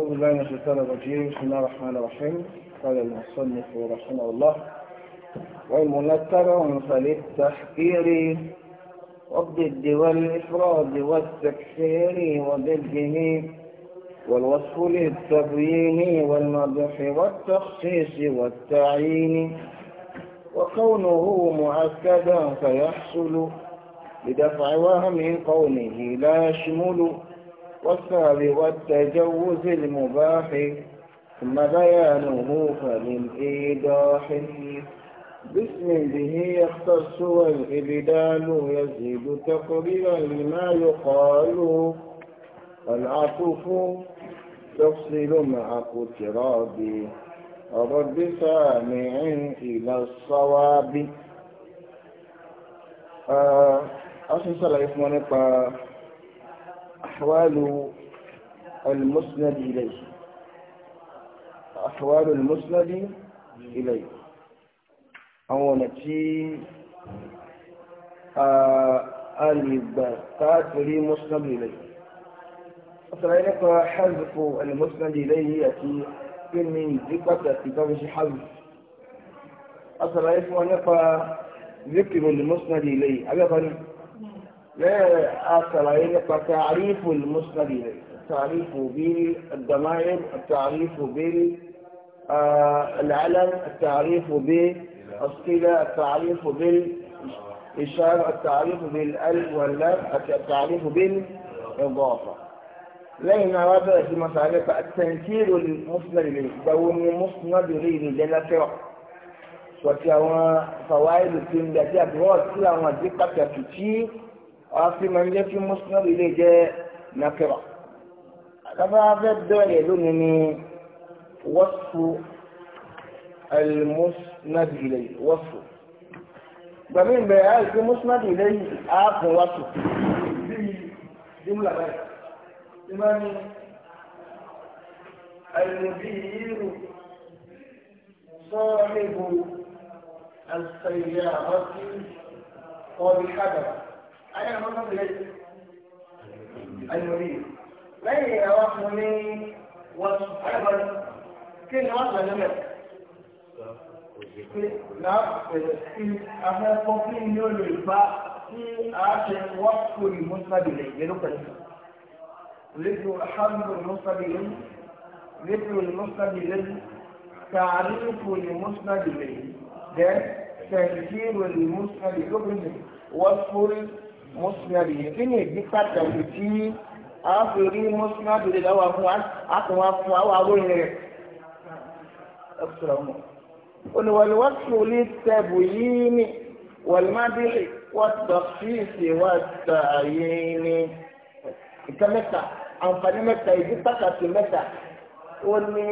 أعوذ بالله من الشيطان الرجيم بسم الله الرحمن الرحيم قال المصنف رحمه الله والمنكر مثل التحقير والضد والإفراد والتكفير وضده والوصف للتبيين والمدح والتخصيص والتعيين وكونه مؤكدا فيحصل بدفع وهم قوله لا يشمل والثاني والتجوز المباح ثم بيانه فللإيضاح باسم به يختص والإبدال يزيد تقريبا لما يقال والعطف تفصل مع اقتراب الرد سامع إلى الصواب أخي صلى الله عليه وسلم أحوال المسند إليه أحوال المسند إليه أو نتي الباقات مسند إليه أصلا حذف المسند إليه يأتي من ثقة كتاب حذف أصلا يفهم ذكر المسند إليه أبدا السبعية تعريف المسند التعريف بالضمائر التعريف بالعلم آه، التعريف بالصلة التعريف بالإشارة التعريف بالألف واللام التعريف بالإضافة لأن هذا في مسألة التنكير المسند إليه دون مسند غير جل sọ̀tì àwọn fàwáìlì tí في bẹ̀ tí àfi máa ń jẹ́ kí musnad ilé jẹ́ nàkírà àtàbàfẹ́ bẹ̀rẹ̀ lónìí ni wasfu al-musnad ilé wasfu gbàmí ń bẹ̀rẹ̀ àìsí musnad ilé yìí àákùn wasfu bíi jumla báyìí tí máa ní المدير صاحب السيارة قد حدث ayé àwọn ọmọ ìlẹ̀ àyòrí lẹ́yìn ìyàwó fún ní wọn ẹ̀rọ kí ni wọ́n sọ níbẹ̀. Pé láàpẹ̀rẹ̀ sí afẹ́fọ́ kí ni ó lè bá tí a ṣe wọ́n kò ní mọ́sábìlẹ̀ ìgbẹ́rú pẹ̀lú. Rédíò Alhamdu Mọ́sábìlẹ̀ Rédíò Mọ́sábìlẹ̀ تعريف المسند به ده تنكير المسند به وصف mọ́sùlùmí yẹn kí ni ìdí pàtàkì tí àwọn fi rí mọ́sùlùmí àdúrà lọ́wọ́ fún wa àtúnwá fún àwọn awóyin rẹ̀ ẹ̀kúrọ̀mù. olùwàlúwàsù lè tẹ̀bù yìí ni wàlúmádìrì wàtàfíìsì wàtàyé ni ìka mẹ́ta àǹfààní mẹ́ta ìdí pàtàkì mẹ́ta ó ní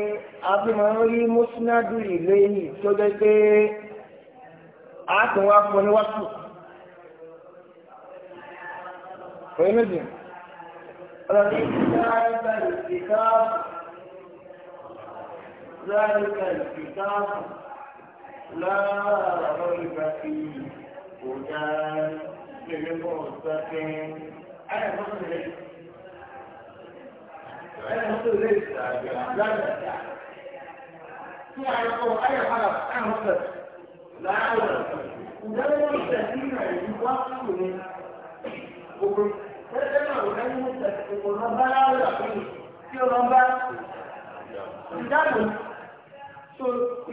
abimọ̀ rí mọ́sùlùmí lẹ́yìn tó dẹ́ pé àtúnwá fún ni wàsù. ويمجن ذلك الكتاب ذلك الكتاب لا ريب فيه هدى للمتقين أنا مصر ليس أنا مصر ليس لا في القرآن حرف أنا مصر لا أعلم وده المتقين يوصل من tẹ́lẹ̀ náà wọ́n ní ìpò lọ bá láwùjọ àpéyìn tí ó lọ bá ìdáàbò tó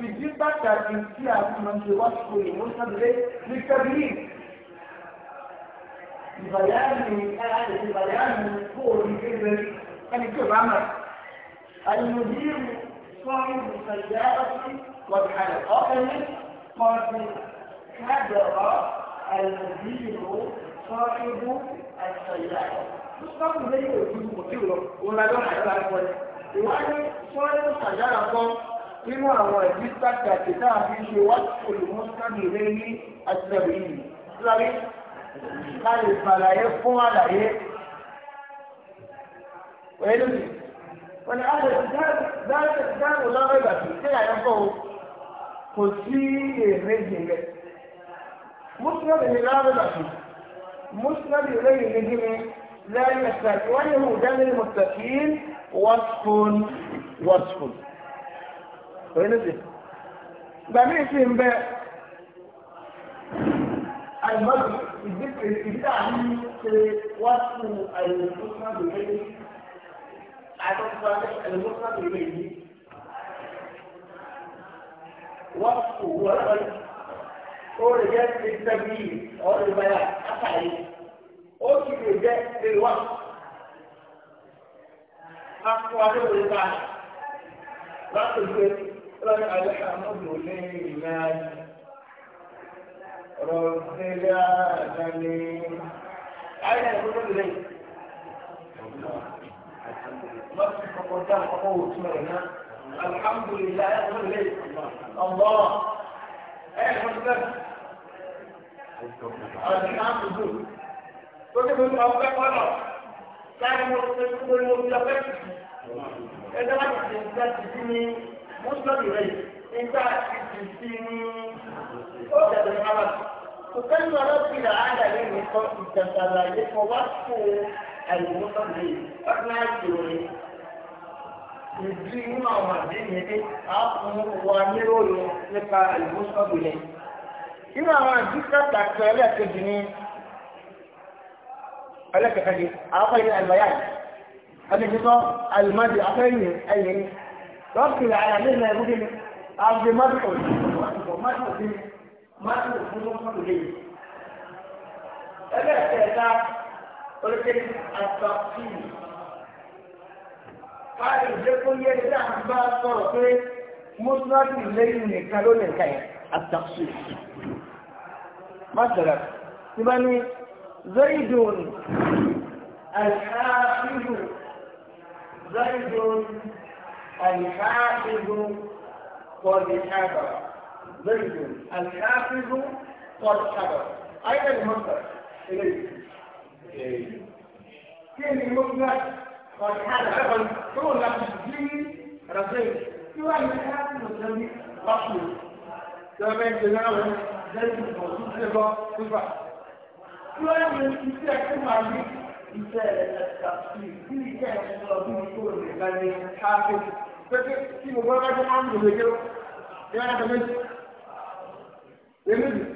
ìdí pàtàkì tí a fi máa ń ṣe wá sí òyìnbó sábẹ́lẹ́ ní kẹ́bílì ìbàyáàmì ìbàyáàmì kó o ní kébé ẹni tí o bá mọ̀ àyùmọ̀dìrì sọ́yìn ìsàlẹ̀ ọtí wọ̀dìhàlẹ̀ ọ̀kẹ́lẹ́ kọ́ọ̀tì kádọ̀ọ́ àyùmọ̀dìrì sọ́ọ́rìbù àtìsọ̀yà sọ́ọ́rìbù méjì kò ju kò tí ò lọ òun lájọ́ àyọ̀ àgbọ̀ ni ìwádìí sọ́ọ́rìbù sàjára kan nínú àwọn ẹ̀bí sáàkì àti náà fi ṣe wá olùmọ́sánì lé ní àtìlẹ́wì yìí lórí ká lè fàlàyé fún àlàyé pẹ̀lú wọn ni a lè dáàbò lọ́rọ̀ ìgbà tí ṣé àyẹ̀kọ́ kò sí èrè jìnlẹ̀ mú sí ọ̀rẹ́ mi lọ́rọ̀ ìgbà tí. مسند إليه لا وله دم المستكين وصف وصف وينزل بميت بقى المرء الذكر عن وصف المسند إليه عدد المسند إليه وصف هو ó lè jẹ́ ìtẹ́bíyì ọ̀rọ̀ ìbáyà àtàlẹ́ ó sì lè jẹ́ ìwà akọ adébòye bá a láti gbé lọ́nà na àmọ́dù ní ìlà rọ̀bẹ́lá àdáni ayé ẹ̀kọ́ tó lè lọ́sì kọ̀kọ́ dá kọ́kọ́ wò túmọ̀ rẹ̀ lè ẹ̀ wọ́n ti bẹ́ẹ̀. ọ̀rọ̀ ti máa ń tó dùn. tó ti fi ọ̀pọ̀ pẹ́ pọ̀ lọ. láti mo ti fi gbogbo ní mo ti lọ pẹ́ tì í. ẹgbẹ́ láti ti ti láti ti ní mọ́tòlì rẹ̀ nígbà tí ti ti ní ó dẹ̀dẹ̀ ní bàbá. وكان ربنا على من قوم تتلاقى ووصفوا المصلين أرنا الجوري bí nínú àwọn àdéhùn yẹn pé a fún wa níròyìn nípa ìmúṣọ́bù yẹn. nínú àwọn àdúgbò pàtó ẹlẹ́ẹ̀kejì ní ẹlẹ́kẹ̀kẹ́jì àwọn ìlú àlùbáyà àdéhùn àlùmọ́dì afẹ́yìn ẹ̀yìn lọ́ọ̀kì àyàmé náà ẹ̀rú bí mi àbí mọ́tò mọ́tò mọ́tò bí mọ́tò fún mọ́tò lè. ẹlẹ́kẹ̀ẹ́ta olùkẹ́ni àtàkùn a lè jẹ́ kó yẹ kí à ń bá sọ̀rọ̀ pé mọ́sálásí lẹ́yìn nìkan ló lè ka yẹn àtàkùsù. Mọ́sálá tí bá ní zaidun alhaafidu zaidun alhaafidu kọ̀ọ̀dì ṣàbà zaidun alhaafidu kọ̀ọ̀dì ṣàbà. Ayé ni mọ́sálá ilé yìí. Kí ni mọ́sálá? يقول لك تجيني رزيت شو أنا كان مسلم مشهور كمان جنابه زي الموجود سبا سبا شو أنا من كتير كم عمي مثال التفسير كل كان يقول يقول يعني حافظ فكر في مباراه عنده بيجوا يعني كمان يمد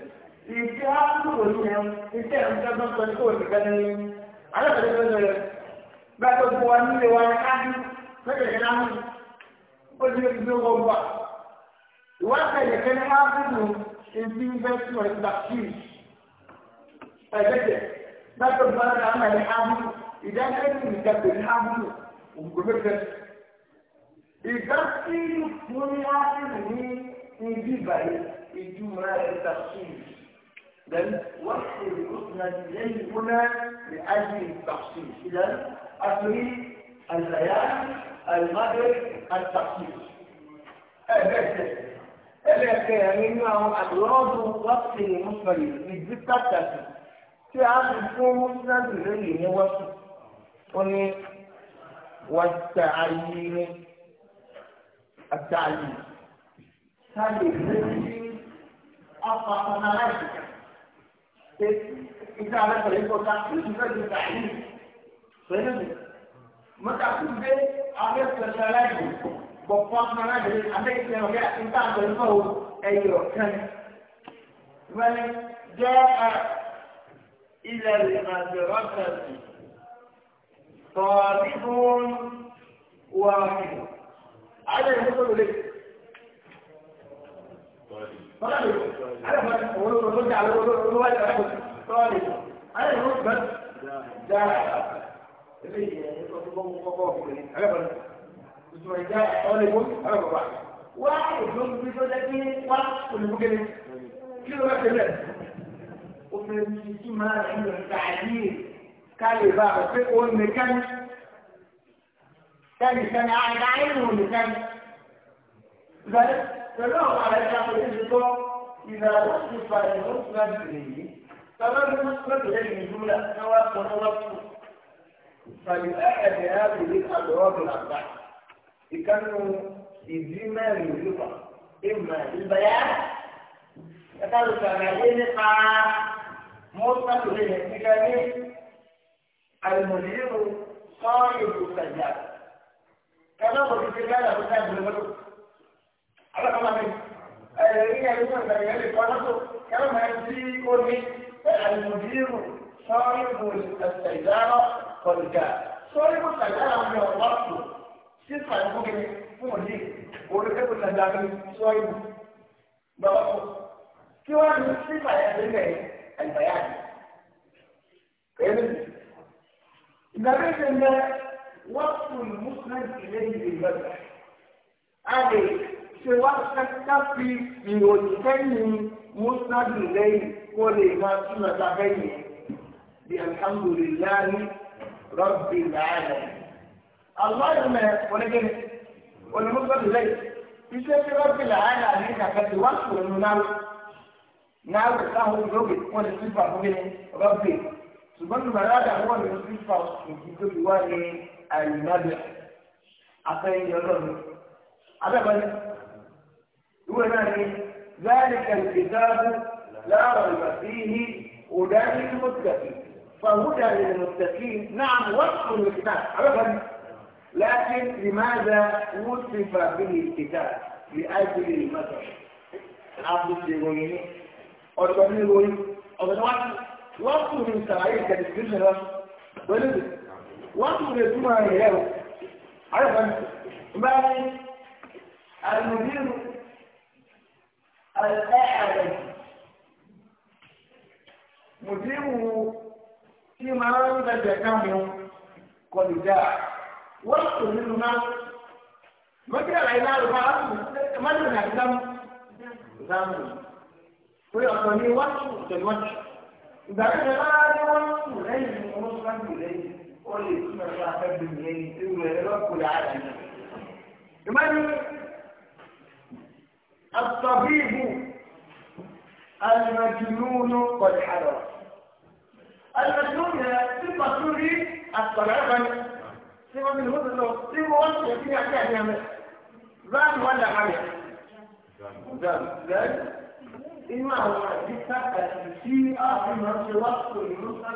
ìṣe àtúntò ní ẹ ìṣe ìṣe àtúntò ní kò ní kẹ́ni alẹ́ kẹ́ni kẹ́ni gbàtọ̀ fún wa nílé wa ní káàdì lọ́dọ̀ yẹn náà ó ti lè gbé wọn wà. ìwádìí ẹ̀yẹ kẹ́ni á bùnú èsì investment vaccine ẹ̀dẹ́gbẹ̀ gbàtọ̀ fún wa ní káàdì ní ábùnú ìdájọ́ ìlú ìdàgbẹ̀ ní ábùnú ògùnkòmẹ́tẹ̀. ìdásí fún ní ábùnú ní ibi ìbàlẹ̀ ìdúmọ̀ ẹ̀ vaccine. بل وحي يسند اليه هنا لاجل التخصيص اذا اصلي البيان المدر التخصيص اذا كان أدوات منه اغراض في المصريين بالدقه في عهد مسند اليه وصل والتعليم التعليم هذه الفكره اصبحت مناسكا إذا أنا طريق وصاحب يفرد التعليم فهمت متعقب به أعرف تشارعه بفاق مناجر عندك لو جاء أنت عن طريقه أيوه كان بل جاء إلى المدرسة طالب واحد هذا يقول لك طالب على ما نرجع على الوالد أحد طالب على الوالد بس جاهل اللي يطلبون مقابل على ما اسمه جاهل طالب على ما واحد يوم بيقول واحد كل مجلس كده بقى كده ومن السيما عنده تعديل كان بقى فقه والمكان ثاني سنة قاعد عينه والمكان ذلك pẹ̀lú àwọn àrẹ̀ká pẹ̀lú ìdíkọ́ ìlànà ìfà ìlú ìlànà ìlú sábà ní mọ́tò lẹ́yìn ìlú rẹ̀ káwá sọ lọ́wọ́ fàlì ẹ̀ẹ́dẹ̀ àbèlé àdọ́rọ́bù làgbà ìkànnì ìdí mẹ́rin ìlú kan ìmọ̀ ìbáyà ẹ̀ka ló sàlàyé nípa mọ́tò lẹ́yìn ìdíkà ní àlùmọ̀lẹ́rù sọ́ọ̀yìn ìlú sàjà kẹ́lọ́ kò ti ṣe gáàlà alákọ̀ọ́lá mi ẹ̀rí ẹ̀rí fún ìgbà yẹn lè kọ́ lọ́tọ̀ kẹ́lá máa ń tí ó ní àlùmọ̀dírù sọ́ọ́rí bò ìtàgbàrọ̀ kọ̀ọ̀dùgà sọ́ọ́rí bò ìtàgbàrọ̀ mi ọ̀pọ̀ tó sísà ìfún mi fún òní orí pẹ́pẹ́ ìtàgbàrọ̀ sọ́ọ́rí bò gbọ́dọ̀ kí wọ́n ní sísà ìfẹ́ ẹ̀gbẹ̀yà ìgbàlejò ń bẹ wọ́n tún mùsùlùmí ìlẹ́yìn ìgbàlejò ṣe wá ṣẹ́ká fi ìròyìn kẹ́yìn mùsùlùmí lẹ́yìn kó lè máa túnmọ̀ ta kẹ́yìn bí alhamdulillahi rabbil alamin. aláìmọ̀ onígbẹ́ onímọ̀sọ́dù lẹ́yìn iṣẹ́ tí rabbil alamin kàkà ti wá sọ̀rọ̀ nù náà náà wò sáwọn olóògbé wọn lè sífà fún mi rabbi ṣùgbọ́n ní bàdáàdà wọn lè sífà òkú tó ní àyìnbá bẹ̀ afẹ́yìn هو يعني ذلك الكتاب لا ريب فيه هدى للمتقين فهدى للمتقين نعم وصف الكتاب عرفا لكن لماذا وصف به الكتاب لأجل المثل العبد إيه؟ او أربعين إيه؟ او أربعين وصف من سرعية كالسجنة ولد وصف من سمع عرفا بل المدير الأعرج مديره في مرام بدكه قد جاء وقت منهما ما كان العمال ما من الدم دم ويعطني وقت الوجه إذا كان هذا وقت إليه ونصرا إليه قل لي كما شاء تبدو إليه إليه رب العالمين الطبيب المجنون قد حضر المجنون ثم سوري الطلبة ثم من هذا الوقت ثم وصل في أحيان يعمل زان ولا حاجة زان زان إما هو جثة المسيئة في نفس الوقت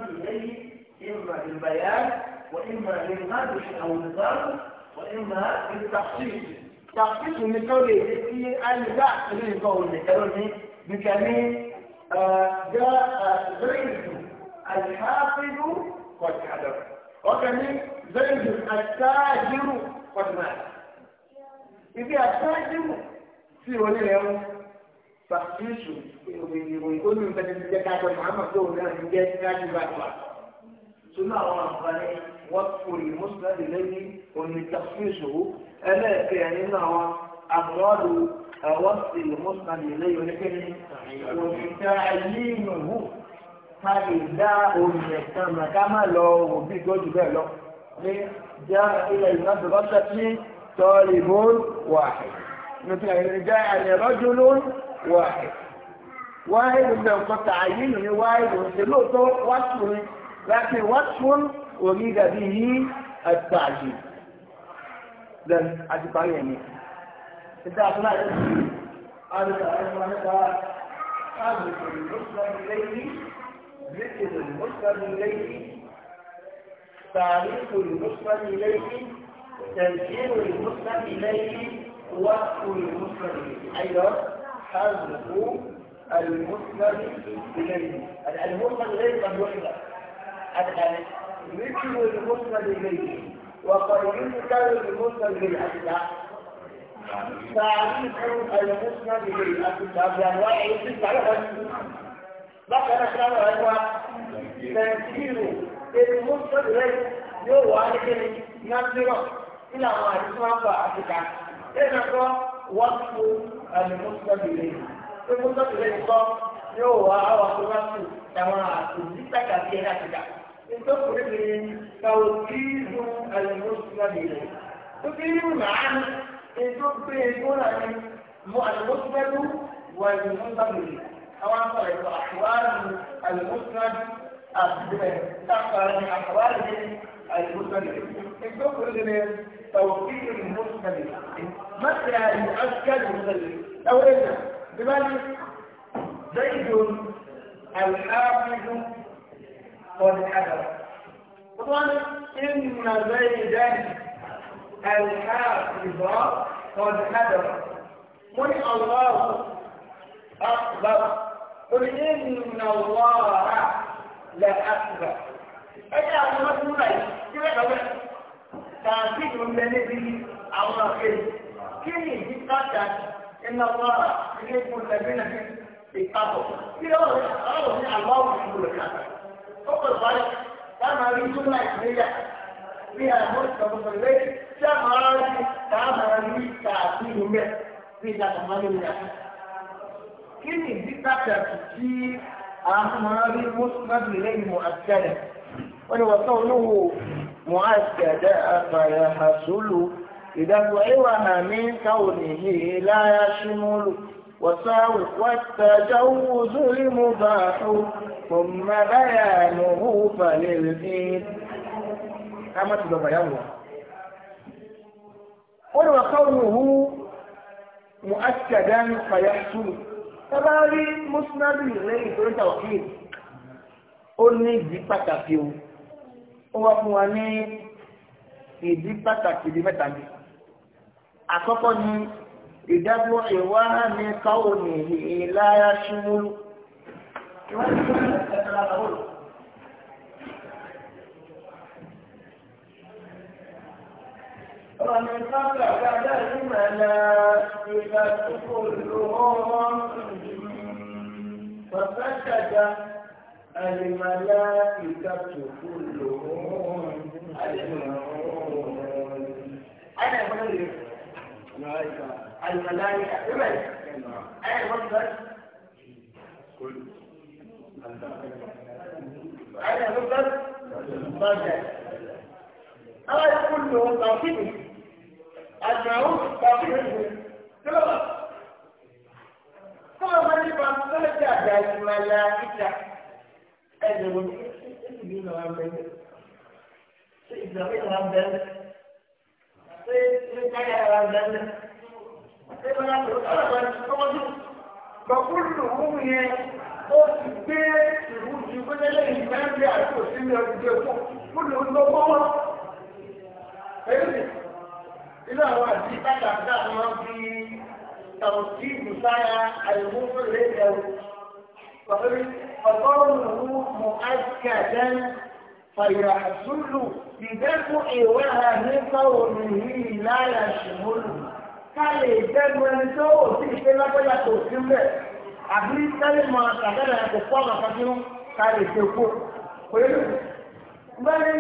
إليه إما للبيان وإما للنبش أو النظام وإما للتخصيص tàbíkù ní tó lè ṣe sí àyíká ìlú nǹkan òde ẹ̀rọ ní bìkà ní jẹ́ zẹ́yìndù àìháfíìlú kọ̀tàdọ̀. ọkà ní zẹ́yìndù àtàjírù kọ̀tàdọ̀. ibi àtàjírù sí òní rẹ̀ ń tàbíkù ìròyìn tó ní ìfẹ́ ti jẹ́ káàkiri màmá tó ní àyíká ìjẹ́ káàkiri àgbà. sunu àwọn àǹfààní وصف المسند إليه ومن تخصيصه ألا كأنه أفراد وصف المسند إليه ولكن ومن تعيينه فإذا أمتنا كما لو بيجوز بيلو جاء إلى المدرسة طالب واحد مثل جاء رجل واحد واحد من تعيينه واحد من لكن وصف أريد به التعجيل لن أجب عليني يعني. إذا أطلع الأسفل أرد أنك أمر المسلم إليه ذكر المسلم إليه تعريف المسلم إليه تنكير المسلم إليه وقت المسلم إليه أيضا حذف المسلم إليه المسلم إليه ممنوع الآن مثل المسند اليه وقد يذكر المسند بالاكثر تعريف المسند بالاكثر بانواع التسعه بقى نحن هو تنكير المسند اليه يو عليك نظره الى ما يسمى باكثر هنا هو وصف المسند اليه المسند اليه يو وصف تمام تذكر كثيرا كثيرا تخرج توكيد المسند تفيد معنى ان تبقون المسند والمنتقل او عن احوال المسند تحت احواله المسند ان تخرج توكيد المسلمين متى يؤكد المسند او الا بمعنى زيد الحافظ قول الحجر وطبعا إن زيدا الحافظ قول الحجر قل الله أكبر قل إن الله لا أكبر أي أنا ما سمعت كيف تعطيك من الذي عمر خير كيف يتقطع إن الله يحب الذين في التقوى كده الله يحب الله يحب الكافر ọ̀pọ̀ ìwádìí táwọn arí túmọ̀ ìpínlẹ̀ bí àwọn ìṣàkóso ìwé tí àwọn ará rí táwọn ará rí káàkiri ìlú mẹ́ bí ìdàgbàsókè ló ń yà. kí ni ìdí pàtàkì tí àwọn ará rí mọ́tòmọ́tò lẹ́yìn mọ́ àtẹ́rẹ̀ wọ́n ni wọ́n sọ olówó mọ́ àtẹ́rẹ̀ àfàyà àṣọlù ìdàgbàsókè mi káwọn èyí láyà símọ́lù wọ́n sáwò wọ́n tẹ̀jáwó ثم بيانه فللإيد كما تبقى يوم قل وقوله مؤكدا فيحصل تباري مسند إليه تقول توكيد قل لي دي باتاكيو وقواني ìdí pàtàkì di mẹ́ta ni. Àkọ́kọ́ ni ìdábọ̀ ìwá káwọn nìyí láyá ṣúmúlù. ومن فقد الملائكة كلهم فسجد الملائكة كلهم أنا أقول الملائكة الملائكة أنا أقول كل أنا مفرد مرجع هذا كله توحيد المعروف توحيد كلها كلها من يبقى الملائكة أجل سيدنا محمد سيدنا محمد سيدنا محمد سيدنا محمد وكلهم يعني ó ti gbé ìrújú gbẹ́lẹ́ ìgbẹ́lẹ́ àti òsínlẹ̀ ọdún ẹ̀kọ́ fúnlẹ̀ olóògbó wọn. Èyí inú àwọn àti kàkàkà máa ń fi tàwùtí ìbùsára àìmúfò lẹ́yẹ̀ o. Pàtàkì ọgọ́rùn-ún mọ̀ àti àjẹ́n fàyà àtúlù ìdẹ́kun ìwé ara nípa omi yìí ṣùgbọ́n ká lè dẹ́gun ẹni tó ò sí ìṣe tó sí àbí kálímọ̀ àtàkẹ́lẹ̀ kò pọ̀ màkà tí ó ka lè ṣe kó kò yẹ lóko. Gbẹ́ni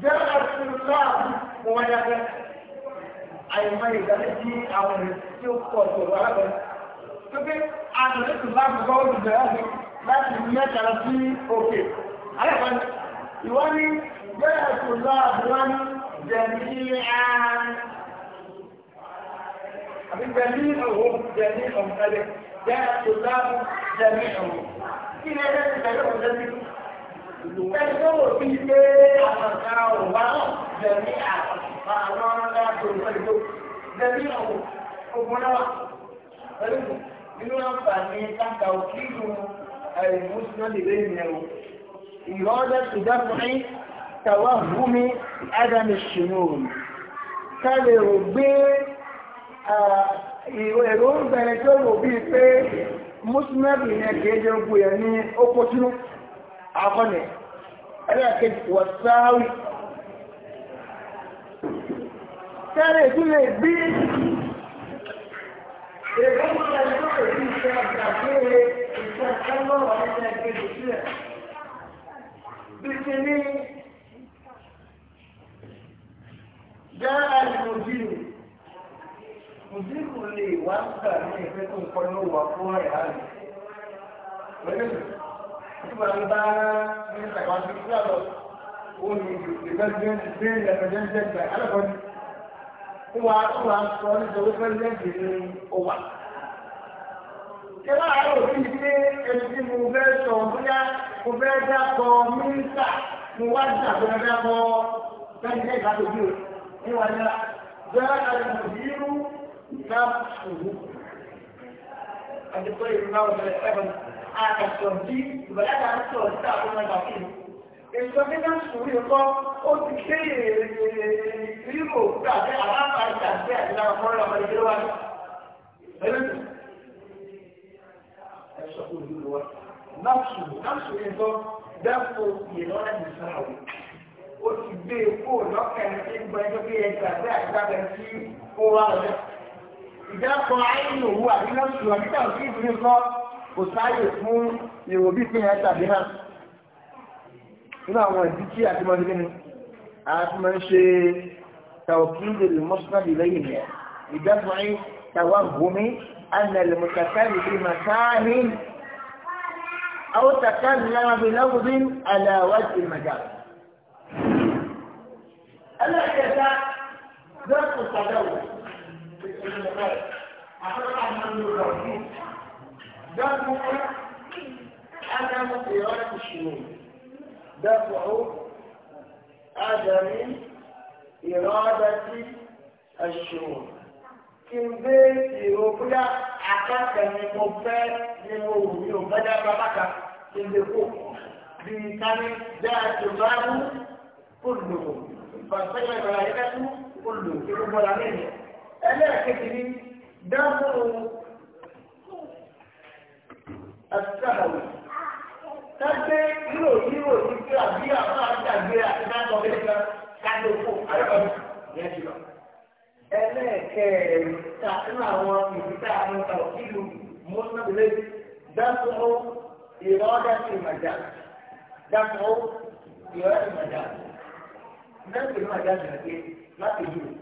jẹ́ àtúntò àwọn ọmọdé afẹ́ àyèmọ̀ ìgbàlẹ̀ tí àwọn ènìyàn tí ó pọ̀ sọ̀rọ̀ alábẹ̀rẹ̀. Tókè àtúntò tó bá gbọ́ olùdó láti láti mẹ́ta lọ sí òkè. Alábẹ̀rẹ̀ ìwọ́n ní jẹ́ àtúntò àbúrò ní ilé àárín. أبي جميعهم جميعهم ألف جاء الطلاب جميعهم كنا لازم نعرفهم جميعهم تذكروا في بيت أفكارهم جميعا فأنا لا تنفذوا جميعهم حبنا فلنكم nínú àǹfààní káka òkìlù àìmúsùnmọ́lì lẹ́yìn ẹ̀rọ ìrọ́dá ìdáfúnrin tàwa húmi ádámì ṣùnú èrò ń bẹ̀rẹ̀ tó wò bí pé mùsùlùmí yẹn kìí ogun yẹn ní akọni tẹ́lẹ̀ tí lè bí èrò ń tó wò bíi pé àgbàgbére ìṣẹ́ ẹlọ́rọ̀ ẹlẹ́ẹ̀kejì mùsùlùmù lè wá ń gbà ní ìfẹ́ tó ń kọ́ ní òwà fún ẹ̀yà rẹ̀. Lọ́jọ́ ìgbà ń bá ní ìtàkùn àti ìgbà lọ, ó ní ìgbà gbé ẹ̀fẹ̀jẹ̀ gbà alákọ̀ọ́ni. Wà á wà á sọ ní ìjọba pẹ́sidẹ́ntì ní òwà. Ṣé láàárọ̀ òfin ṣe ẹni tí mo fẹ́ sọ bóyá mo fẹ́ dákọ̀ mínísà mo wá dà tó fẹ́ dákọ̀ pẹ́sidẹ́ntì àtòjú rẹ̀ ní wàá ní نفسه قد يقول الموت والابن هذا التوحيد وبالعكس عن التوحيد تعبون الباطل التوحيد نفسه يقول قلت كثير يجيبوا تعطي علاقه على التعزيه الى مره لما يجيبوا فهمت؟ نفسه نفسه يقول دفعه يلون بسرعه ó ti gbé e kó lọ́kàn ní gbọ́njọ́ bí ẹgbẹ́ àti àgbàgbẹ́ tí ó wà lọ́dọ̀ ìjápọ̀ àìní òwú àbíná ṣùgbọ́n títà sí ìdílé kọ́ kò sáyè fún èrò bí pé ẹ tàbí náà nínú àwọn ìdí tí àti máa ń gbé ni àti máa ń ṣe tàwọ̀kì lè mọ́sánà lè lẹ́yìn rẹ̀ ìjápọ̀ àìní tàwa gómi àna lè mọ̀ tàkàrí bí màtáàní àwọn tàkàrí lára bí lọ́wọ́dí àlàwájú ìmàjà. ẹlẹ́kẹta lọ́sùn sàdáwò. دفع عدم إرادة الشمول دفع عدم إرادة الشمول kìnbé ìró bóyá akẹ́kẹ̀ẹ́ ni mo fẹ́ ni mo wù mí o bẹ́ẹ̀ bàbá kan kìnbé kò bí kání bẹ́ẹ̀ tó bá ẹlẹ́ẹ̀kejì ní dáhùn ẹ̀sìtàbàwì kájẹ́ yíò yíò ní kí àbí àwọn àgbàgbé àti dáhùn ọ̀gbẹ́ kan kájọ fún àyọ̀kọ̀dù yẹn ti lọ. ẹlẹ́ẹ̀kẹta nínú àwọn ìdíkà àwọn ọ̀tàwọ̀ kílù mọ́tòlẹ́ dáhùn ìrọ́dá sí ìmàjà dáhùn ìrọ́dá sí ìmàjà náà sì máa jáde àti láti dùn.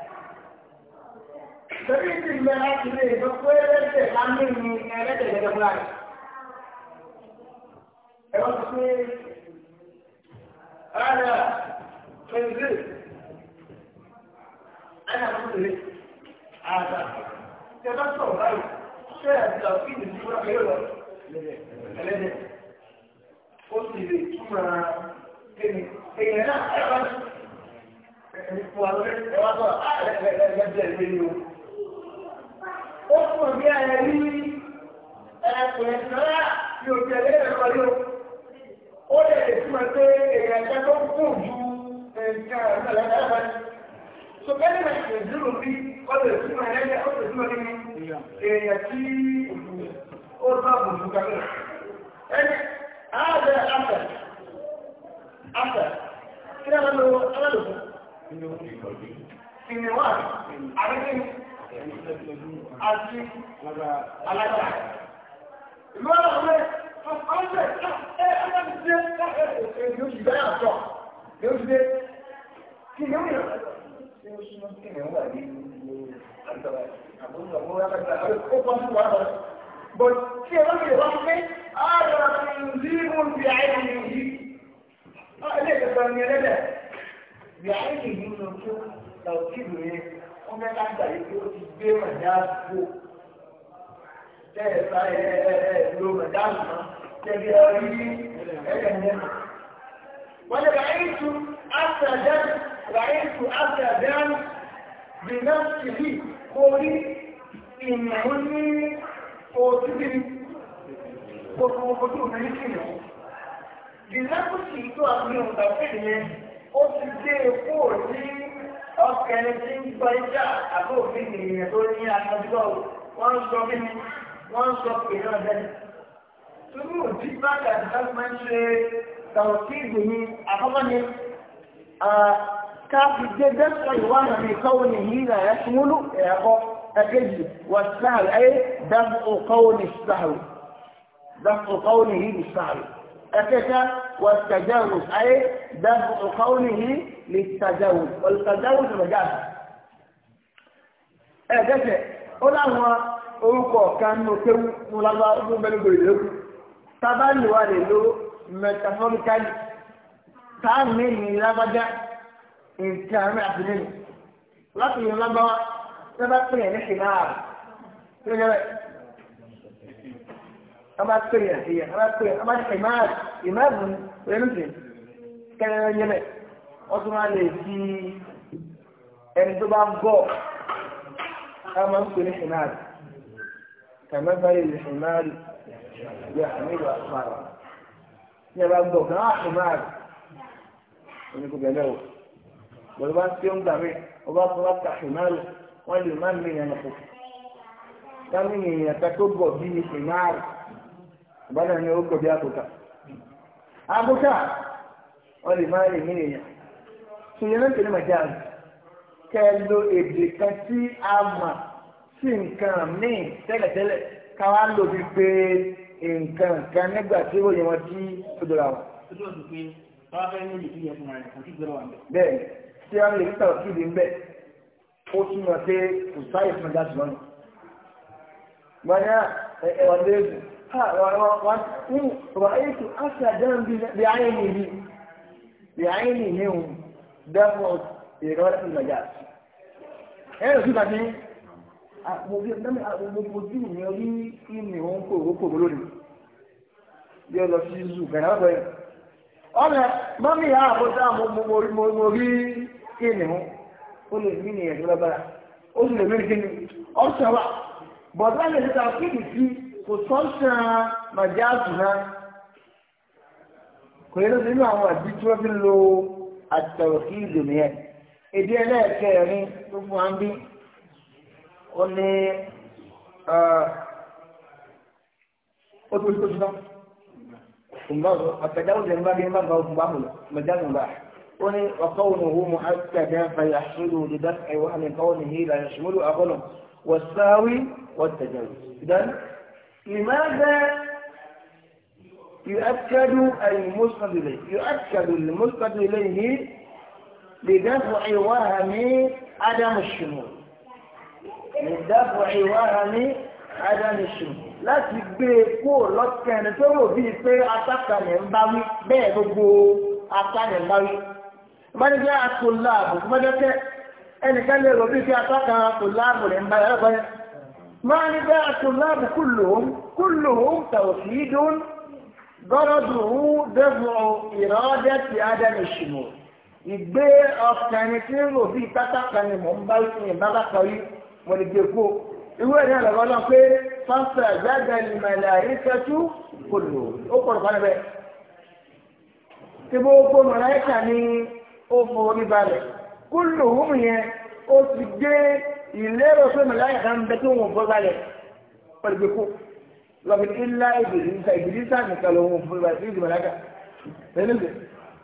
torí ti lẹ láti lè sọ pé ẹlẹ́dẹ̀ bá ní ní ẹlẹ́dẹ̀ gẹ́gẹ́ fúnra rẹ̀. ẹ wọ́n ti pé ara pèsè ẹ̀yà tó lè àgbà tẹ bá sọ̀rọ̀ báyìí ṣé ẹ̀sìn àfi ìdí ìdúrà pé yóò lọ ẹlẹ́dẹ̀ ó sì lè túmọ̀ kéde èèyàn náà ẹ bá ní. Ẹ̀sìn fún wa lórí ẹ̀ wá sọ̀rọ̀ ẹ̀ẹ́dẹ̀ẹ́dẹ̀ lé ní o ó kò bí ayẹ rí ẹ̀kùnrin náà yóò tẹ̀lé ẹ̀kọ́ yóò. Ó lè lè túmọ̀ pé èèyàn ẹ̀ka tó kù ju nǹkan ìṣẹ̀lẹ̀ náà lọ. So bẹ́ẹ̀ni mà ṣe dúró bí ó lè túmọ̀ ẹ̀yẹ ó lè túmọ̀ nínú èèyàn tí ó bá bù ju kàkọ́. Ẹni àádọ́ àfẹ́ àfẹ́ kí ni a máa lo alálòpọ̀? Ìyẹn wà àbíkí àti alájà. ìmọ̀ràn ọ̀rẹ́ ọ̀pọ̀lọpọ̀ ẹ alábìsẹ́ yóò sì bẹ́ẹ̀ àtọ̀ yóò sì dé kí ni ó yàn. ṣé o súnmọ́ kí ni ó wà ní àgbàlá àbúrò àbúrò àgbàlá àbúrò ó kọ́ sí wàhálà bọ̀t tí ẹ bá fi wá pé ààrẹ ìlú bí àìní yìí ilé ìjọba ni ẹlẹ́dẹ̀ bí àìní yìí ló tó làwọn kí lóye. wọ́n fẹ́ ká gbà yìí pé ó ti gbé mọ̀dá kú tẹ́ẹ̀ sáré ẹ ẹ ẹ lo mọ̀dá mọ̀ tẹ́lẹ̀ ọ̀rí ẹ̀ẹ́dẹ̀ẹ́dẹ́. wọ́n ní ràìtù àtàdán ràìtù àtàdán bìnnà tìlì kò rí ìnáwó ní òtítì gbogbo ojú òun ní kìnìún. bìnnà kùsì tó àfihàn tàbí ìyẹn ó ti dé kúrò ní ọkẹni tí ń gbọ́ ìjà àbó òfin ènìyàn tó ní agbẹjọ́ wọ́n ń sọ bí mi wọ́n ń sọ pé náà bẹ́ẹ̀. Túbú òbí bá gàdí láti máa ń ṣe tàwọ̀tí ìgbìmí àkọ́kọ́ ni káfí dé dẹ́sọ̀ ìwà àná ní ìkọ́wò ní yìí náà ẹ̀ fún wúlú ẹ̀kọ́ ẹ̀kejì wà sáàrù ayé dáàbò kọ́wò ní sáàrù dáàbò kọ́wò ní yìí ní sáàrù ẹ̀kẹta والتجاوز أي دفع قوله للتجاوز والتجاوز مجاز ẹ gẹ́sẹ̀ ó láwọn orúkọ kan ní òkéwú ní ọlọ́gbà ọdún mẹ́lúgbò ìlú tábàlì wà lè lo metaphorically táàmì ní lábájá nǹkan àmì àtìlẹ́yìn láti yọ lágbá wa tí wọ́n ní ṣìláà tí yẹ bẹ́ẹ̀ wọ́n bá sí yẹn wọ́n bá pè yẹn ìmáàlì ìmáàlì pẹ̀lúsì kẹ́rẹ́rẹ́ yẹlẹ̀ wọ́n tún máa lè fi ẹni tó bá gọ̀ ká máa ń pè ní ṣìnáàrì kàmẹ́ báyìí lè ṣìnáàrì yẹ àmì ìlú àtúmọ̀rọ̀ ní ẹ bá gọ̀ kàn án ṣìnáàrì ẹni kò bẹ̀rẹ̀ o bọ̀dọ̀ bá ń tí ó ń gbà mí ọba fún wa kà ṣìnáàrì wọ́n lè má mi ìyànà kò ká mi ìyànà tó gọ̀ bí ṣìnáàrì ìbáná ó gọ̀ bí àtúkà àbúkà wọ́n lè máa lè mí èèyàn tòyẹ náà tẹ̀lé màjáàlì kẹ́ ẹ lo èdè kan tí a mà sí nǹkan míì tẹ́lẹ̀tẹ́lẹ̀ ká wá lò bí pé kan nígbà tí ó yẹ wọn tí ó dọ̀rọ̀ àwọn. bẹ́ẹ̀ tí a lè níta òkú ìdí ń bẹ̀ ó túmọ̀ pé kò sáyè fún ẹja jùlọ nù. gbọ́dọ̀ ẹ̀ẹ́dẹ́gbẹ̀ẹ́. رأيت أسدا بعينه بعينه دفع dị المجاز ẹ̀rọ sí bàtí àpòjú mi rí ìmì òun kò rókò lónìí bí ọ lọ sí zoo gànà ọgbẹ ọmọ mọmí ya ó lè mí ní ó lè mí ní kíni bọ̀dá lè ta kíni sí kò sọ́ọ̀tàn màjáàtù náà kò yẹ lọ́sẹ̀ nínú àwọn àbí tí wọ́n fi ń lo àtọ̀rọ̀ kí ìdùnnú yẹn èdè ẹlẹ́ẹ̀kẹrin tó fún wa ń bí ó ní ó tó tó tó التجاوز ينبغي مرة ومبعه مجال مباح وقوله مؤكدا فيحصل لدفع وهم قوله لا يشمل أغلب والساوي والتجاوز إذن لماذا يؤكد المسند إليه يؤكد المسند إليه لدفع وهم عدم الشمول لدفع وهم عدم الشمول láti gbé e kúrò lọ́kàn ẹni tó rò bíi pé atákanẹ̀ ń bá wí bẹ́ẹ̀ gbogbo atákanẹ̀ ń bá wí. ìbánijẹ́ àtòláàbò ìbánijẹ́ ẹnìkan lè rò bíi pé atákan àtòláàbò rẹ̀ ń bá yàrá báyìí. ما نداء الطلاب كلهم كلهم توحيد غرضه دفع إرادة عدم الشمول ìgbé ọ̀sẹ̀ni tí ń rò bíi pátákà ni mò ń bá ìsìn ìbára kọrí mo lè gbé kó irú ẹ̀rí ọ̀lọ́wọ́ náà pé fásitì àgbàgbà ìmọ̀lẹ̀ àríṣẹ́tú kò lò ó kọ̀rọ̀ kan níbẹ̀. tí gbogbo mọ̀láìkà ni ó forí balẹ̀ kó lòun yẹn ó ti gbé ìlérò pé màláyà kan bẹ tí wọn bọ́ balẹ̀ pẹ̀lú pé kó lọ́kùn ilá ìbìlísà ìbìlísà nìkan ló ń bọ́ balẹ̀ ìdí màláyà pẹ̀lú pé.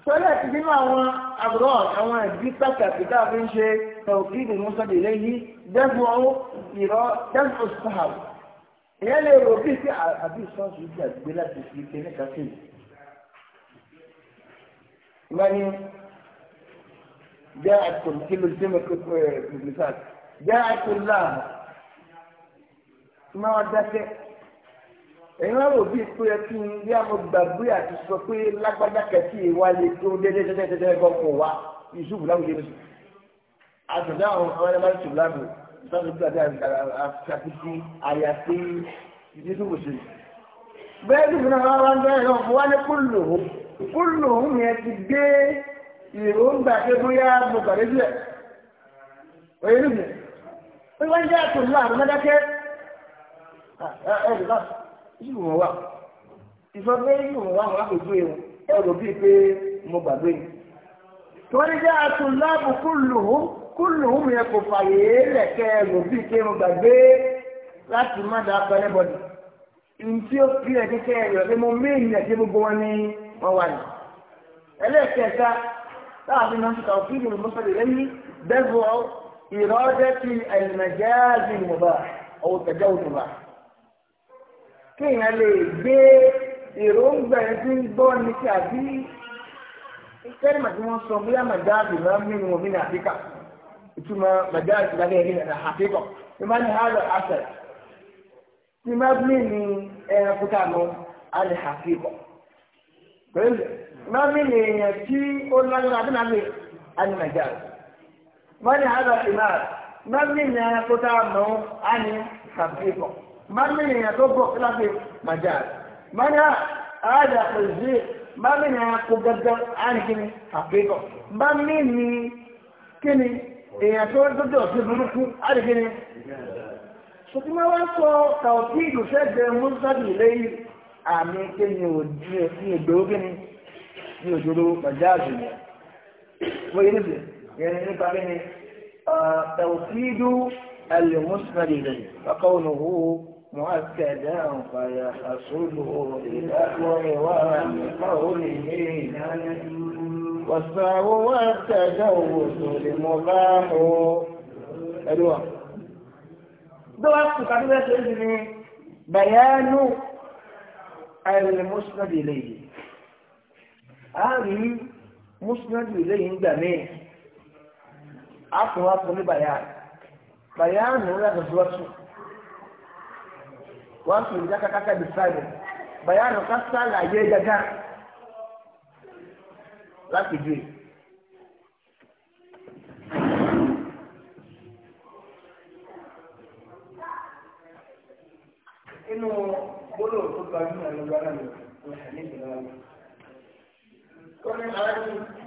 sọlá ti nínú àwọn àbúrò àwọn ìdí pàtàkì tá a fi ń ṣe tòkí ìdí mọ́sán ìlẹ́ yìí dẹ́fu ọwọ́ ìrọ́ dẹ́fu sahab ìyẹn lè rò bí sí àbí sọ́ọ̀sì ìdí àgbé láti fi ike ní kàfé ìgbani jẹ́ àtòkí jáàtú láàmú máa dákẹ́ ẹ̀yin wá wò bíi pé ẹtí ń bí àwọn gbàgbé àti sọ pé lágbájá kẹtì ìwálé tó dẹ́dẹ́dẹ́dẹ́dẹ́ bọ́ kò wá yusuf láwùjọ ní sùn àtúndà àwọn àwọn ẹ̀rọ máa ń sùn láàmú sábà gbàgbé àti àyàfi yusuf sí bẹ́ẹ̀ ni mo náà wá ń bẹ́ẹ̀ náà mo wá ní kúlù kúlù yẹn ti gbé ìròǹgbà pé mo gbàdé sílẹ̀ òye nìyẹn pé wọ́n jẹ́ àtò ńlá àwọn mẹ́dákẹ́ ah, ẹ̀rù náà yìí wọ́n wà ìfọ́ pé yìí wọ́n wà wọ́n àpèjú ẹ̀ ẹ̀rù bíi pé mo gbàgbé ni. tí wọ́n jẹ́ àtò ńlá àbò kúlùhùn kúlùhùn yẹn kò fàyè lẹ̀kẹ́ ẹ̀rù bíi pé mo gbàgbé láti má dà pẹ́ lẹ́bọ̀dì. ntí ó fi ẹ̀ kékẹ́ ẹ̀rọ pé mo mí ìyẹn tí gbogbo wọn ní wọ́n wà ní. ẹlẹ́ẹ̀kẹta láàbí náà ti kà إرادة المجاز المباح أو التجاوز المباح كين عليه بي èròǹgbà ẹ̀ tí ń gbọ́ ní kí àbí kẹ́rìmà tí wọ́n sọ bóyá màdáàbì máa ń mímu omi ní àfíkà ìtumọ̀ màdáàbì lábẹ́ ẹ̀rí ní àfíkà ní máa ní hálọ̀ àṣẹ tí máa bí ní ẹranko tá a mọ alẹ́ àfíkà pẹ̀lú máa bí ní èèyàn tí ó lágbára bí náà lè alẹ́ màdáàbì. wọ́n ní àádọ́ ìmáà mọ́mí ní ẹranko tá a mọ̀ ọ́n á ní kàfíìkọ̀ mọ́mí ní ẹranko bọ̀ kíláàsì màjà wọ́n ní àádọ́ òzì mọ́mí ní ẹranko gẹ́gẹ́ á ní kíni kàfíìkọ̀ mọ́mí ní kíni èèyàn tó dọ́dọ̀ sí burúkú á ní kíni. sọtí máa sọ kàwọ́tì ìlú sẹ́gbẹ̀ mọ́sálì lẹ́yìn àmì kíni ní kíni ní يعني نبقى مني توحيد المسند إليه فقوله مؤكدا فيحصله للأكبر ومن قوله والسعو والتجوز لمباح أدوى دوا كتابة الإذن بيان المسند إليه هذه مسند إليه جميع a tún wá fún ní bàyáà bàyáà nù ń yàtọ̀ dúrọ́tù wọ́n tún ìjà kákáká bí sáyẹn bàyáà nù ká sálàyé gàgà láti dùn. inú gbólò tó gbajú náà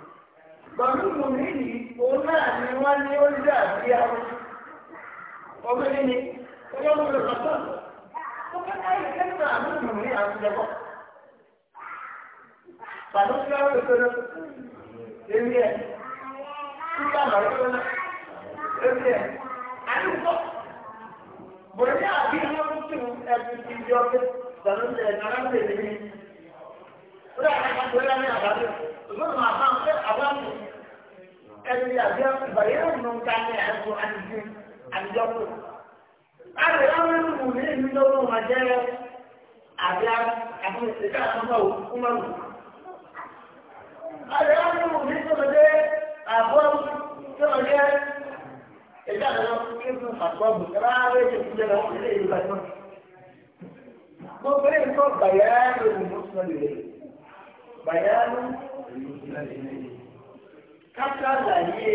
tọ̀nùmù nìyí òun náà ni wọ́n ní ó dà bí arọ. ọmọ yìí ni ọjọ́ ló lè sọ tó. ó fẹ́ ká náà ló mú ní àtúnyẹ̀kọ́. Pàtó tí wọ́n lè tọ́lọ́ èmi ẹ̀ títà lọ́rọ́ tọ́lọ́ èmi ẹ̀ àyùkọ́. Bọ̀dé àbí ọmọ tó ẹ̀sìn ti di ọdún tọ̀nù tẹ̀ nàrà ń tẹ̀lé mi. Ó dà kí a kọ́ ẹ̀ lẹ́yìn Òṣèlú màá bá ń fẹ́ àbájọ ẹni àbí àbàyè ọ̀nà nǹkan ẹ̀kọ́ àdìsí àdìjọ́pọ̀. Àbẹ̀ àwọn ẹ̀kọ́ ní ìlú lọ́wọ́ wọn jẹ́ àbí àbí ìṣèkà àtúntò kúmọ̀lù. Àbẹ̀ àwọn ẹ̀kọ́ ní ìṣòro jẹ́ àbọ̀ ìṣòro jẹ́ ìṣèkà àtúntò kéwù àtọ́bù ráàrẹ̀ ìṣèkúnjẹ lọ́wọ́ ilé ìlú bàjọ́. Gbogbo ẹ̀kọ́ bàyá lóhùn mọ́sán lè bàyá kásálàyé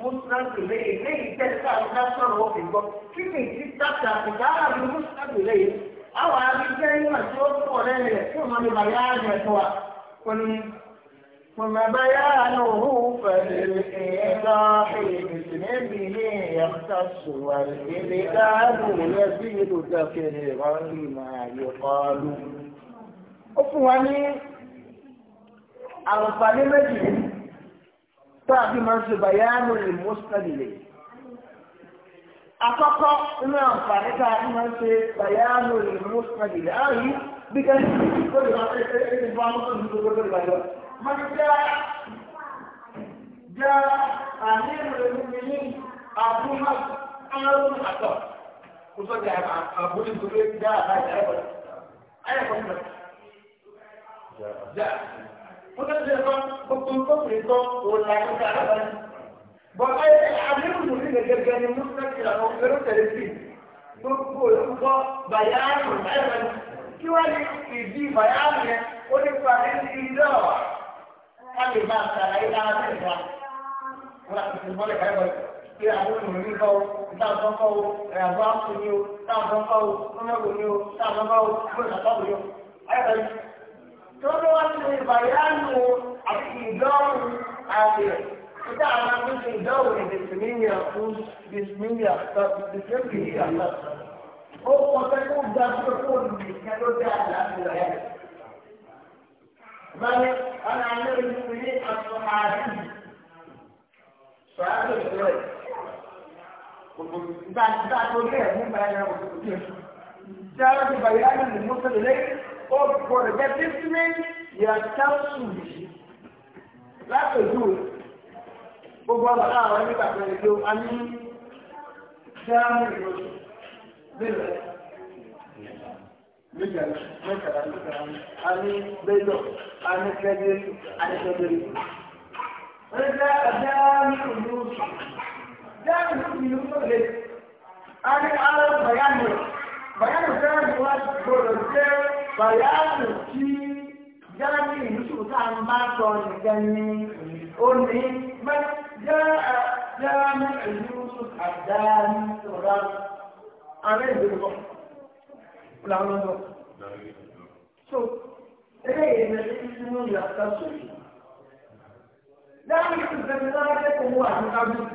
mùsùlùmí lẹ́yìn lẹ́yìn tẹ́lifà lásán wọ́n fi gbọ́ kí ni ìdí tàkà ìgbà àbí mùsùlùmí lẹ́yìn àwọn abíjẹ́ ìwà tí ó pọ̀ lẹ́yìn rẹ̀ fún ọmọdé bàyá rẹ̀ fún wa wọ́n ní. ثم بيانه فللإيضاح بسنده يختص والإبدال يزيد تكريرا لما يقال ó fún wa ní àǹfààní méjì tàbí máa ń ṣe bàyánù ìmúṣẹ́lì lè. Àkọ́kọ́ inú àǹfààní ká máa ń ṣe bàyánù ìmúṣẹ́lì lè. Àwọn yìí bí ká ní ìgbòdì máa ń ṣe ẹni bá ń sọ̀rọ̀ ní gbogbo ìgbà lọ. Máa ń já já àníyàn mi ní àbúrò àrùn àtọ̀. Kò sọ́jà àbúrò ìgbòdì já àbájá ẹ̀kọ́. Ayẹ̀kọ́ ìgbà. Já. mọ́tẹ́sẹ̀ kan gbogbo kọ́kùnrin kan òun là ń ta àbáyé. bọ̀ ayé àdéhùn tó ní gẹ́gẹ́ ni mọ́tẹ́sẹ̀ àwọn fẹ́rẹ́ tẹ̀lé sí gbogbo olùkọ́ bàyáàrù ẹ̀rọ kí wọ́n ní ìdí bàyáàrù yẹn ó ní pa ní ilé ọ̀ káàdì máa tàrà ilé ààrẹ ìgbà wọn àti ìmọ̀lẹ̀ káyọ̀ tọ́lọ́ wá sí ìbàyánu àti ìdánwò ààrẹ nígbà àwọn akéwì ìdánwò ní bìsímìlì fún bìsímìlì bìsímìlì àlọ́. ó kọ́ pé kó gba pé kó lè kẹ́ ló dé àlàáfíà rẹ̀. báyìí ọ̀nà àná ìsinmi àtọ̀ ààrẹ sọ̀rọ̀ àti ìṣòro ìgbà tó dé ẹ̀mú báyìí náà wọ́n ti kú. Ṣé àwọn ti bàyá nínú mọ́tò lẹ́yìn? ọgbọ̀n advertisement yàtá sùn yìí látòjú gbogbo ọmọ náà wọn nígbà tó lè a ní jáàmù ìrọsùn nílẹ̀ méjì mẹ́tàlá mẹ́tàlá a ní bẹ́lọ̀ a ní kẹ́lẹ́ a ní kẹ́lẹ́ wọ́n jẹ́ jáàmù ìrọsùn jáàmù ìrọsùn lè a ní alẹ́ bàyánù bàyánù fẹ́ẹ́ wá gbọ́dọ̀ jẹ́ bàyáàmù tí jáde ìlúṣù tá a bá sọ nìkan ni ó ní jáàmù ìlúṣù àdáni ọ̀rá ààrẹ ìlú kọ́ làwọn lọ́dọ̀. so eléyìí ni ìlú ní ìyàtọ̀ sókè. jáàmù ìlúṣù tẹ̀lé náà kẹ́kọ̀ọ́ wà ní kábíyì.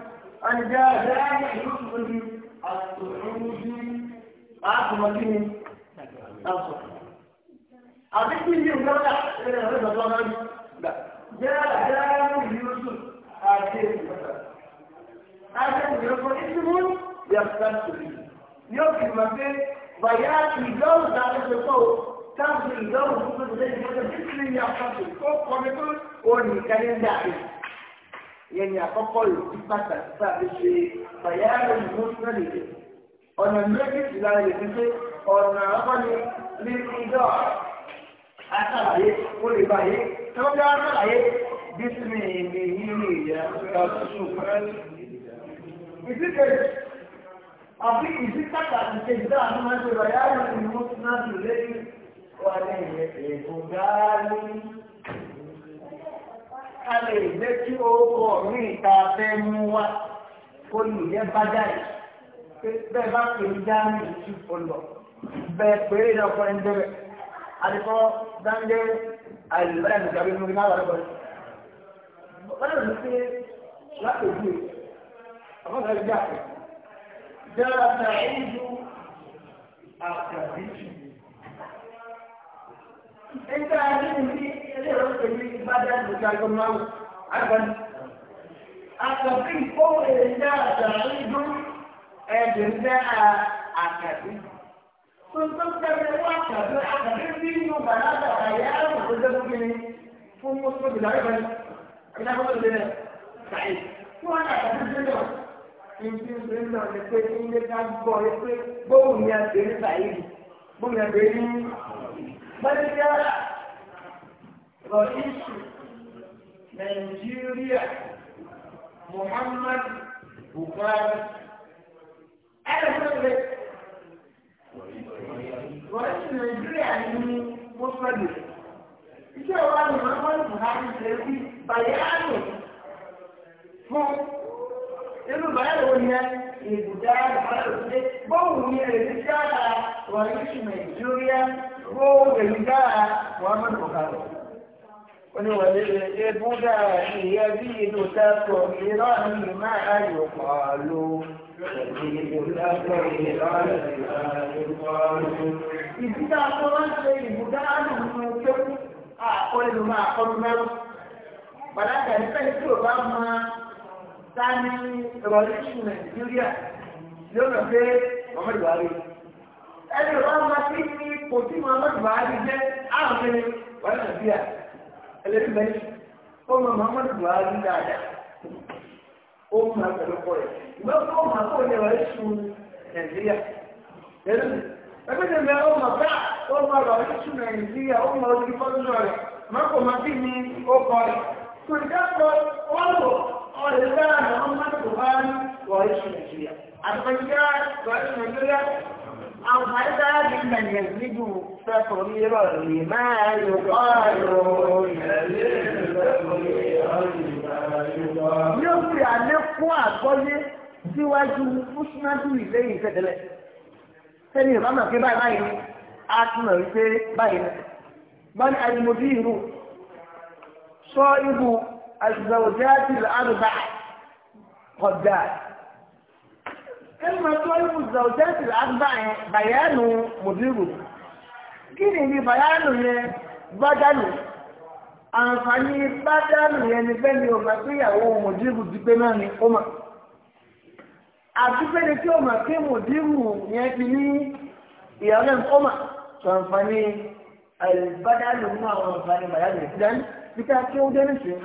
أنجا ذلك يخرج الصعود أعظم منه أصغر àbí kí ni nǹkan dà ẹgbẹ́ rẹ̀ lọ́dọ̀ náà ní gbà. Jẹ́ àdáyéwò Yusuf àti Ìfọ̀sà. Àdáyéwò Yusuf ìṣubú yàtọ̀ sórí. Yóò fi mọ̀ pé bàyá ìdánwò sáré tó kọ́ táàbù ìdánwò tó tó lẹ́yìn mọ́tò bí kí ni yàtọ̀ sórí kó kọ́ mi pé ó ní kálẹ́ndà rẹ̀. Ìyẹn ni àkọ́kọ́ yóò fi pàtàkì sáà ṣe bàyá ìdánwò sáré ọ̀nà méjì ìlànà ìdíje ọ̀nà àkọ́ni ní ìjọ àtàlàyé ó lè báyé tọ́jọ́ àtàlàyé bí sí ní ìlú nínú ìyá ọ̀ṣun fẹ́rẹ́. ìsìkèjì àbí ìsìkàtà ìkejì dára tó máa ń ṣe báyá wọn ni mo ti náà ti lẹ́yìn wà ní ẹ̀bùn gáálí. a lè jẹ́ kí orúkọ mi ìta fẹ́ mú wá kó lù yẹ bá jáde bẹ́ẹ̀ bá pè é dání ìtú ọlọ bẹ́ẹ̀ pè é lọ́kọ̀ ẹ̀ ń bẹ̀rẹ̀. àdìpọ̀ dáńdé àìlùbáyà nìkan bí nínú náà wà lọ́wọ́. wọ́n lè fi láti ojú ẹ̀ àwọn ọ̀gá ìjà pẹ̀. dára na ojú àkàbí. ẹgbẹ́ àdéhùn ní ilé ìrọ̀ pẹ̀lú ìbádá nìkan tó máa wù àgbàdo. àkàbí ìkó èrè dá àtàrí dún ẹ̀dùn dá àkàbí. tuntun kẹfẹ wà kàdé àkàdé bí inú bàlágà àyà àwọn tó dé fún mi fún mùsùlùmí làwọn ìbọn ìdá fún mi lẹ́yìn kàyé tí wọn kà kàdé bí lọ ìdí ìdí lọ ní pé ilé ká gbọ́ ẹ Muhammad Buhari ẹ lọ gọ̀ọ́sì nàìjíríà ní mọ́sálì iṣẹ́ wa ni muhammadu buhari ṣe fi bayanu fún inú bayanu wo ni ẹ ìbùdá bayanu ṣe bọ́ọ̀lù ni èyí dára gọ̀ọ́sì nàìjíríà bọ́ọ̀lù èyí dára muhammadu buhari wani wani lè búdà ìyá bí ìlú tá a sọ ìrọ̀ àmì máa yọ̀ pàlọ́. Ìdíjà tó wá ń ṣe ìbùdá àdùnnú tó àkọlù máa kọlu mẹ́rù. Bàdájà ìfẹ́ tí ò bá máa sáni revolution Nàìjíríà yóò lọ pé Mọ̀mọ́ Ìwárí. Ẹni ò bá máa sí ní kò tí Mọ̀mọ́ Ìwárí jẹ́ àrùn kiri wà Nàìjíríà. Ẹlẹ́dìbẹ́ni, ó mọ Mọ̀mọ́ Ìwárí dáadáa. أمها كالقرية ما أمها قرية ويسون تنزيح أبدا ما أمها فعل أمها ويسون تنزيح أمها ويسون تنزيح ما كما تنين أقري كل دفع أمه أولاً أمها تبان ويسون تنزيح الفجار ويسون تنزيح أو هذا ممن يزيد تقريرا لما يقال يزيد تقريرا yóò fi àlékún àgbọ́yé síwájú fúnṣínájú ilé ìfẹ́tẹ̀lẹ̀ sẹ́ni ìbámu pé báyìí báyìí ni a tún lọ wípé báyìí ni báyìí àyùmọ̀dé ìrù sọ ibù àzùzàwòjẹ́ àti àrùbá kọjá kẹ́lìmọ̀ sọ ibù àzùzàwòjẹ́ àti àrùbá yẹn bàyánù mọ̀dé ìrù kí ni ibi bàyánù yẹn gbọ́dá àǹfààní bá dánù ẹni bẹ́ni ọ̀gá pé ìyàwó mòdìrú ti pé náà ni ó mà àti pẹ́ni tí ọ̀gá pé mòdìrú yẹn ti ní ìyàwó náà ó mà tó àǹfààní àìbádàlù nínú àwọn àǹfààní bàdàlù ìdílé níta tí ó dé nìṣẹ́